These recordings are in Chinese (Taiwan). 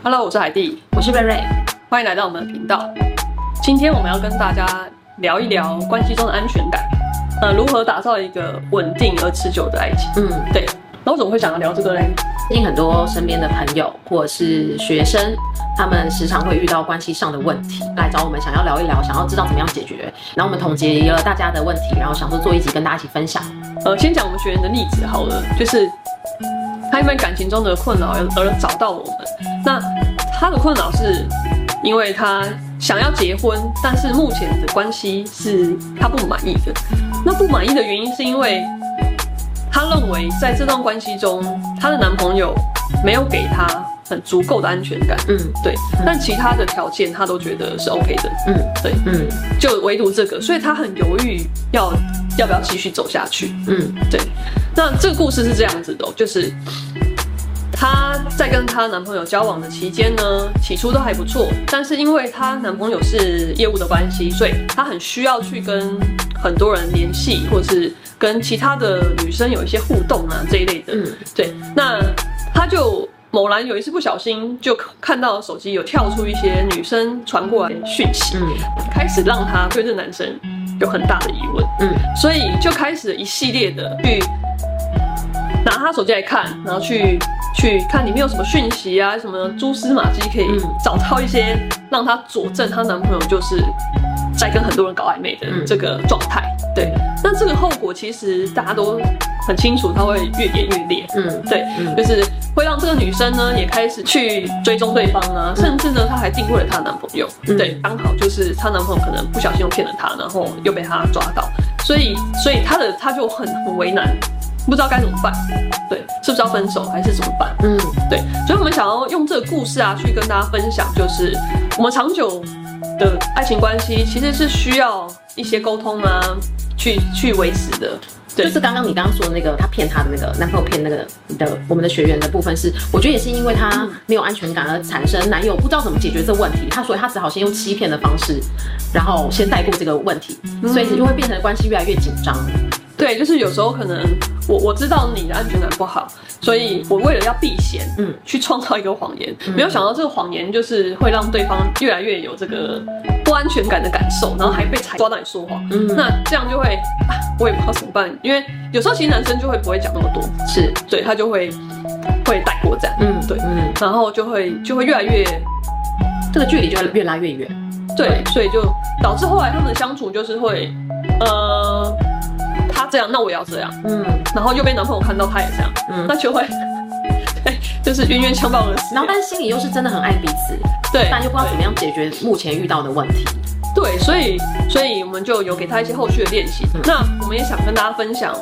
Hello，我是海蒂，我是貝瑞，歡迎來到我們的頻道。今天我們要跟大家聊一聊關係中的安全感，呃，如何打造一個穩定而持久的愛情。嗯，對。那我怎麼會想要聊這個嘞？最近很多身邊的朋友或者是學生，他們時常會遇到關係上的問題，來找我們想要聊一聊，想要知道怎麼樣解決。然後我們總結了大家的問題，然後想說做一集跟大家一起分享。呃，先講我們學員的例子好了，就是。因為感情中的困擾而找到我們。那他的困擾是因為她想要結婚，但是目前的關係是他不滿意的。那不滿意的原因是因為他認為在這段關係中，他的男朋友沒有給他很足夠的安全感。嗯，對嗯。但其他的條件他都覺得是 OK 的。嗯，對。嗯，就唯獨這個，所以他很猶豫要要不要繼續走下去。嗯，嗯對。那這個故事是這樣子的，就是她在跟她男朋友交往的期間呢，起初都還不錯，但是因為她男朋友是業務的關係，所以她很需要去跟很多人聯繫，或者是跟其他的女生有一些互動啊這一類的。嗯、對，那她就某然有一次不小心就看到手機有跳出一些女生傳過來訊息，嗯，開始讓她對這男生。有很大的疑問，嗯，所以就開始一系列的去拿他手機來看，然後去去看裡面有什麼訊息啊，什麼蛛絲馬跡可以找到一些讓她佐證她男朋友就是在跟很多人搞曖昧的這個狀態，嗯，對。這個後果其實大家都很清楚，他會越演越烈。嗯，對，嗯、就是會讓這個女生呢也開始去追蹤對方啊。嗯、甚至呢，她還定位了她男朋友、嗯。對，剛好就是她男朋友可能不小心又騙了她，然後又被她抓到，所以，所以她的她就很很為難，不知道該怎麼辦。對，是不是要分手還是怎麼辦？嗯，對。所以我們想要用這個故事啊，去跟大家分享，就是我們長久的愛情關係其實是需要一些溝通啊。去去維持的，對，就是剛剛你剛剛說的那個，他騙他的那個男朋友騙那個的我們的學員的部分是，我覺得也是因為他沒有安全感而產生、嗯、男友不知道怎麼解決這個問題，他所以他只好先用欺騙的方式，然後先帶過這個問題，嗯、所以你就會變成關係越來越緊張。對，就是有時候可能我我知道你的安全感不好，所以我為了要避嫌，嗯，去創造一個謊言，沒有想到這個謊言就是會讓對方越來越有這個。安全感的感受，然後還被踩，抓到你說謊、嗯，那這樣就會，啊、我也不知道怎麼辦，因為有時候其實男生就會不會講那麼多，是，所以他就會會帶過這樣，嗯，對，嗯，然後就會就會越來越，這個距離就會越拉越遠，對，嗯、所以就導致後來他們的相處就是會，呃，他這樣，那我要這樣，嗯，然後又被男朋友看到他也這樣，嗯，那就會。就是冤冤相報的死，然後但心裡又是真的很愛彼此，對，但又不知道怎麼樣解決目前遇到的問題，對，對所以所以我們就有給他一些後續的練習。嗯。那我們也想跟大家分享，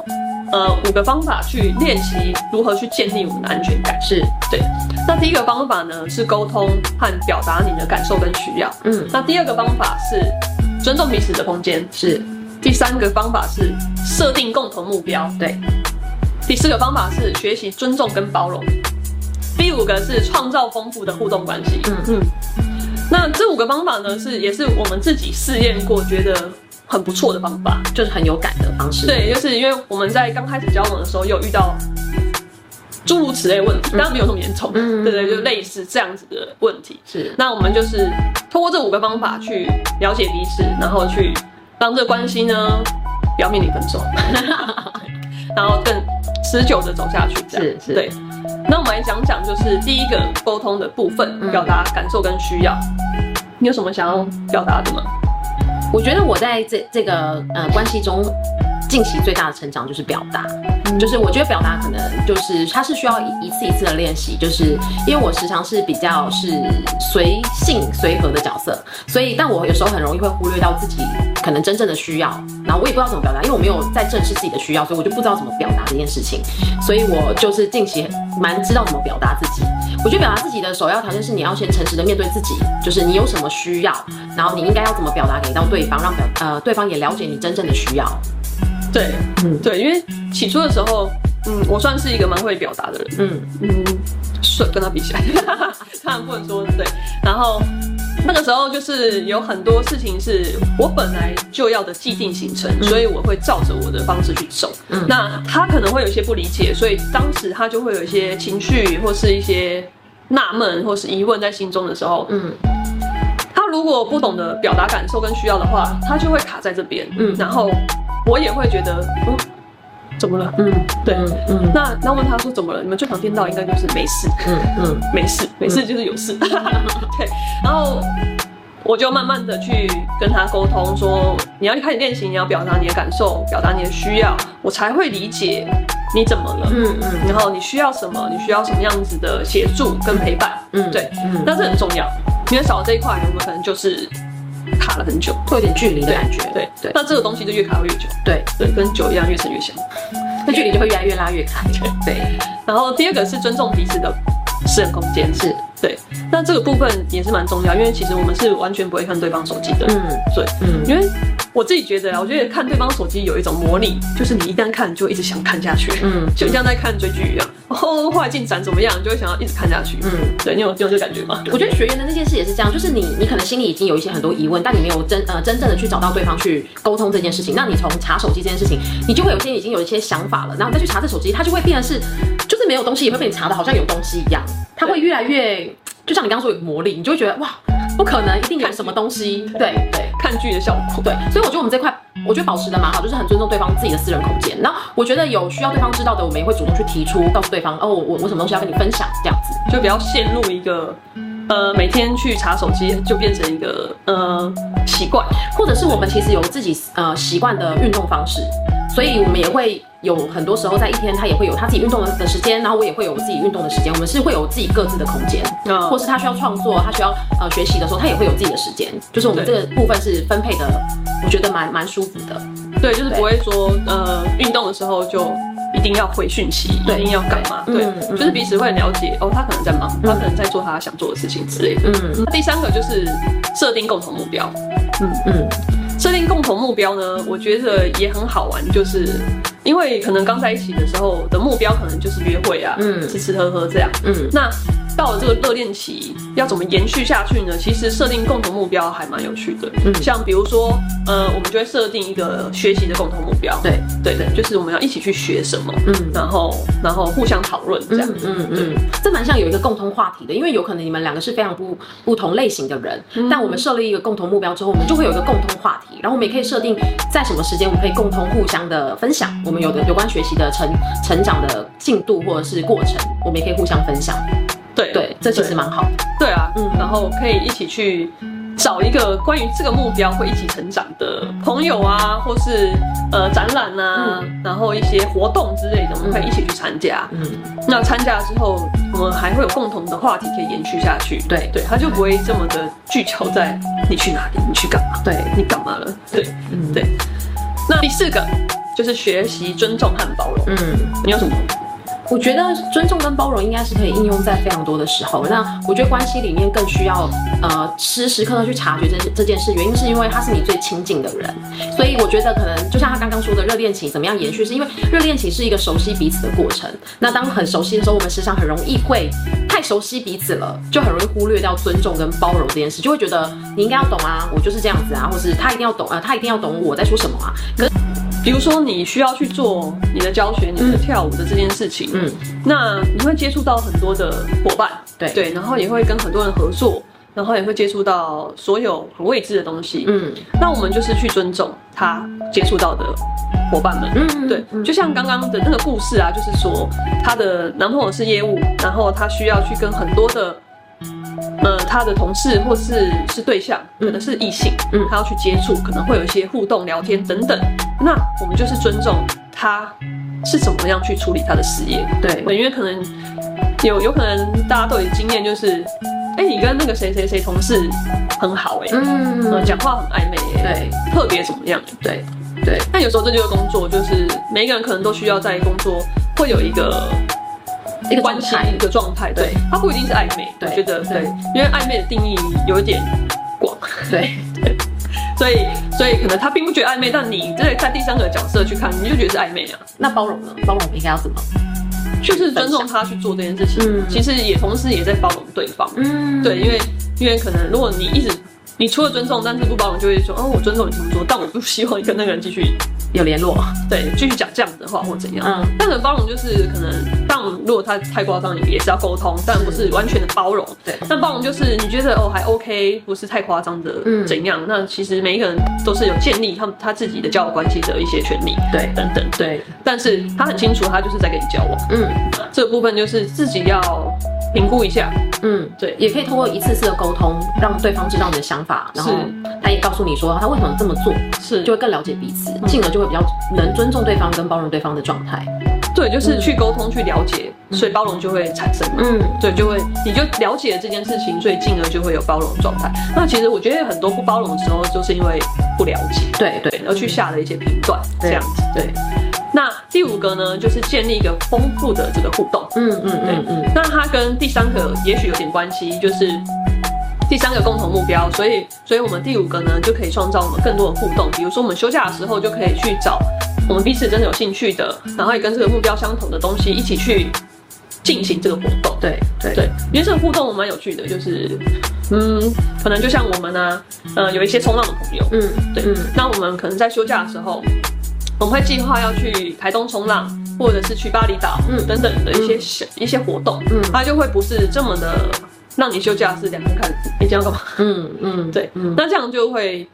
呃，五個方法去練習如何去建立我們的安全感。是對。那第一個方法呢是溝通和表達你的感受跟需要，嗯。那第二個方法是尊重彼此的空間，是。第三個方法是設定共同目標，對。第四個方法是學習尊重跟包容。第五個是創造豐富的互動關係。嗯嗯，那這五個方法呢，是也是我們自己試驗過，覺得很不錯的方法，就是很有感的方式。對，就是因為我們在剛開始交往的時候有遇到諸如此類問題，當然沒有那麼嚴重。嗯，對，對對，就類似這樣子的問題。是，那我們就是通過這五個方法去了解彼此，然後去讓這關係呢不要面臨分手， 然後更持久的走下去。這樣是是，對。那我們來講講，就是第一個溝通的部分，表達感受跟需要。你有什麼想要表達的嗎？我覺得我在這這個呃關係中。近期最大的成長就是表達，就是我覺得表達可能就是它是需要一次一次的練習，就是因為我時常是比較是隨性隨和的角色，所以但我有時候很容易會忽略到自己可能真正的需要，然後我也不知道怎麼表達，因為我沒有在正視自己的需要，所以我就不知道怎麼表達這件事情，所以我就是近期蠻知道怎麼表達自己。我覺得表達自己的首要條件是你要先誠實的面對自己，就是你有什麼需要，然後你應該要怎麼表達給到對方，讓表呃對方也了解你真正的需要。對，嗯，對，因為起初的時候，嗯，我算是一個蠻會表達的人，嗯嗯，是跟他比起來， 他很不能說、嗯、對。然後那個時候就是有很多事情是我本來就要的既定行程、嗯，所以我會照着我的方式去走。嗯、那他可能會有一些不理解，所以當時他就會有一些情緒或是一些納悶或是疑問在心中的時候，嗯，他如果不懂得表達感受跟需要的話，他就會卡在這邊，嗯，然後。我也會覺得，嗯，怎麼了？嗯，對，嗯嗯，那那問他說怎麼了？你們最常聽到應該就是沒事，嗯嗯，沒事，沒事就是有事，嗯、 對。然後我就慢慢的去跟他溝通說，說你要去開始練習，你要表達你的感受，表達你的需要，我才會理解你怎麼了，嗯嗯，然後你需要什麼？嗯、你需要什麼樣子的協助跟陪伴？嗯，對，嗯，那是很重要，那這很重要。因為少了這一塊，我們可能就是。很久，會有點距離的感覺。對對，對，對，那這個東西就越卡會越久。對對，對，對，跟酒一樣越深越，越陳越香。那距離就會越來越拉越開。對。對，然後第二個是尊重彼此的私人空間。是，是，對，是對。那這個部分也是蠻重要，因為其實我們是完全不會看對方手機的。嗯，對，嗯，因為。我自己覺得啊，我覺得看對方手機有一種魔力、嗯，就是你一旦看，就一直想看下去，嗯，就像在看追劇一樣，然、哦、後來進展怎麼樣，就會想要一直看下去，嗯，對你有有這種感覺嗎？我覺得學員的那件事也是這樣，就是你你可能心裡已經有一些很多疑問，但你沒有真呃真正的去找到對方去溝通這件事情，嗯、那你從查手機這件事情，你就會有一些已經有一些想法了，然後再去查這手機，它就會變得是，就是沒有東西也會被你查的，好像有東西一樣，它會越來越，就像你剛剛說有魔力，你就會覺得哇。不可能一定看什麼東西，對、對，對，看劇的效果，對，所以我覺得我們這塊，我覺得保持的蠻好，就是很尊重對方自己的私人空間。然後我覺得有需要對方知道的，我們也會主動去提出，告訴對方，哦，我我我什麼東西要跟你分享，這樣子，就不要陷入一個。呃，每天去查手機就變成一個呃習慣，或者是我們其實有自己呃習慣的運動方式，所以我們也會有很多時候在一天他也會有他自己運動的時間，然後我也會有我自己運動的時間，我們是會有自己各自的空間，啊、呃，或是他需要創作，他需要呃學習的時候，他也會有自己的時間，就是我們這個部分是分配的，我覺得蠻蠻舒服的，對，就是不會說呃運動的時候就。一定要回訊息，對，一定要幹嘛？對，對、嗯對嗯，就是彼此會很了解、嗯、哦。他可能在忙、嗯，他可能在做他想做的事情之類的。嗯，第三個就是設定共同目標。嗯嗯，設定共同目標呢、嗯，我覺得也很好玩，就是因為可能剛在一起的時候的目標可能就是約會啊，嗯，吃吃喝喝這樣。嗯，那。到了這個熱戀期，要怎麼延續下去呢？其實設定共同目標還蠻有趣的。嗯，像比如說，呃，我們就會設定一個學習的共同目標。對。對對對，就是我們要一起去學什麼。嗯，然後然後互相討論這樣子。嗯嗯，嗯，嗯對，這蠻像有一個共同話題的，因為有可能你們兩個是非常不不同類型的人，嗯、但我們設立一個共同目標之後，我們就會有一個共同話題。然後我們也可以設定在什麼時間我們可以共同互相的分享我們有的有關學習的成成長的進度或者是過程，我們也可以互相分享。對，對，對，這其實蠻好的對。對啊，嗯，然後可以一起去找一個關於這個目標會一起成長的朋友啊，嗯、或是呃展覽啊、嗯，然後一些活動之類的，我、嗯、們可以一起去參加。嗯，那參加之後，我們還會有共同的話題可以延續下去。嗯、對對，對，他就不會這麼的聚焦在你去哪裡，你去幹嘛，對，你幹嘛了。對，嗯對。那第四個就是學習尊重和包容。嗯，你有什麼？我覺得尊重跟包容應該是可以應用在非常多的時候。那我覺得關係裡面更需要，呃，時時刻刻去察覺這這件事。原因是因為他是你最親近的人，所以我覺得可能就像他剛剛說的，熱戀期怎麼樣延續，是因為熱戀期是一個熟悉彼此的過程。那當很熟悉的時候，我們實際上很容易會太熟悉彼此了，就很容易忽略掉尊重跟包容這件事，就會覺得你應該要懂啊，我就是這樣子啊，或是他一定要懂啊，呃，他一定要懂我在說什麼啊。可比如說，你需要去做你的教學，你的跳舞的這件事情，嗯，那你會接觸到很多的夥伴，對對，然後也會跟很多人合作，然後也會接觸到所有很未知的東西，嗯，那我們就是去尊重他接觸到的夥伴們，嗯，對，嗯、就像剛剛的那個故事啊，就是說他的男朋友是業務，然後他需要去跟很多的。呃，他的同事或是是對象，嗯、可能是異性，嗯，他要去接觸，可能會有一些互動、聊天等等。那我們就是尊重他是怎麼樣去處理他的事業。對，對，因為可能有有可能大家都有經驗，就是，哎、欸，你跟那個誰誰誰同事很好、欸，哎，嗯，呃、講話很曖昧，對，特別怎麼樣？對，對。那有時候這就是工作，就是每一個人可能都需要在工作會有一個。一個關係一個狀態，對，對他不一定是曖昧，對覺得對，對，因為曖昧的定義有點廣， 對，所以所以可能他並不覺得曖昧，但你在看第三個角色去看，你就覺得是曖昧啊。那包容呢？包容應該要怎麼？確實尊重他去做這件事情，嗯，其實也同時也在包容對方，嗯，對，因為因為可能如果你一直你除了尊重，但是不包容，就會說哦，我尊重你這麼做，但我不希望你跟那個人繼續有聯絡，對，繼續講這樣的話或怎樣，嗯，但很包容就是可能。如果他太誇張，也是要溝通，但不是完全的包容。對，那包容就是你覺得哦還 OK，不是太誇張的，怎樣？嗯。那其實每一個人都是有建立他他自己的交往關係的一些權利，對，等等，對。對但是他很清楚，他就是在跟你交往。嗯，這個部分就是自己要評估一下。嗯，對，也可以通過一次次的溝通，讓對方知道你的想法，然後他也告訴你說他為什麼這麼做，是，就會更了解彼此，進、嗯、而就會比較能尊重對方跟包容對方的狀態。對，就是去溝通，去了解、嗯，所以包容就會產生了。嗯，對，就會你就了解了這件事情，所以進而就會有包容狀態。那其實我覺得很多不包容的時候，就是因為不了解，對對，而去下了一些評斷這樣子。對，那第五個呢，就是建立一個豐富的這個互動。嗯嗯，對嗯，嗯。那它跟第三個也許有點關係，就是第三個共同目標。所以，所以我們第五個呢，就可以創造我們更多的互動。比如說我們休假的時候，就可以去找。我們彼此真的有興趣的，然後也跟這個目標相同的東西一起去進行這個活動。對對對，因為這個互動蠻有趣的，就是嗯，可能就像我們呢、啊，嗯、呃，有一些衝浪的朋友，嗯，對嗯，那我們可能在休假的時候，我們會計劃要去台東衝浪，或者是去巴厘島，嗯，等等的一些小、嗯、一些活動，嗯，它、啊、就會不是這麼的，讓你休假是兩天開始，你、欸、想要幹嘛？嗯嗯，對嗯，那這樣就會。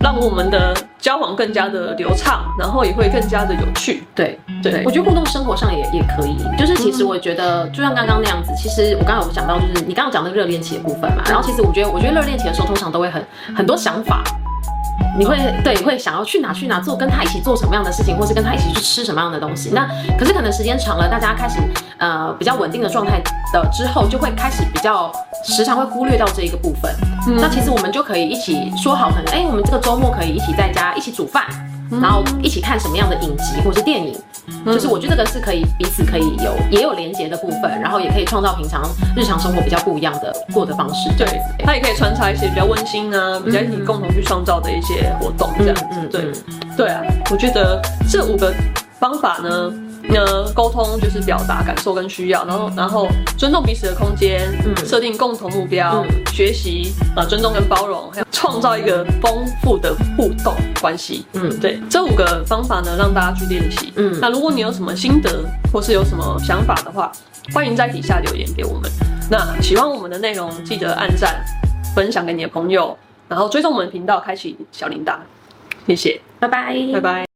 讓我們的交往更加的流暢，然後也會更加的有趣。對對，對，我覺得互動生活上也也可以。就是其實我覺得，就像剛剛那樣子，嗯、其實我剛才有講到，就是你剛剛講的熱戀期的部分嘛、嗯。然後其實我覺得，我覺得熱戀期的時候，通常都會很、嗯、很多想法。你會對你會想要去哪去哪做跟他一起做什麼樣的事情，或是跟他一起去吃什麼樣的東西。那可是可能時間長了，大家開始呃比較穩定的狀態的之後，就會開始比較時常會忽略掉這一個部分、嗯。那其實我們就可以一起說好，可能哎我們這個周末可以一起在家一起煮飯，嗯、然後一起看什麼樣的影集或是電影、嗯。就是我覺得這個是可以彼此可以有也有連接的部分，然後也可以創造平常日常生活比較不一樣的過的方式。對，他也可以穿插一些比較溫馨啊，嗯、比較一起共同去創造的一些活動這樣子、嗯嗯嗯，對，對啊，我覺得這五個方法呢，呃，溝通就是表達感受跟需要，然後，然後尊重彼此的空間，嗯，設定共同目標，嗯、學習，啊，尊重跟包容，還有創造一個豐富的互動關係，嗯，對，這五個方法呢，讓大家去練習，嗯，那如果你有什麼心得或是有什麼想法的話，歡迎在底下留言給我們。那喜歡我們的內容，記得按讚，分享給你的朋友。然後追蹤我們頻道，開啟小鈴鐺，謝謝，拜拜，拜拜。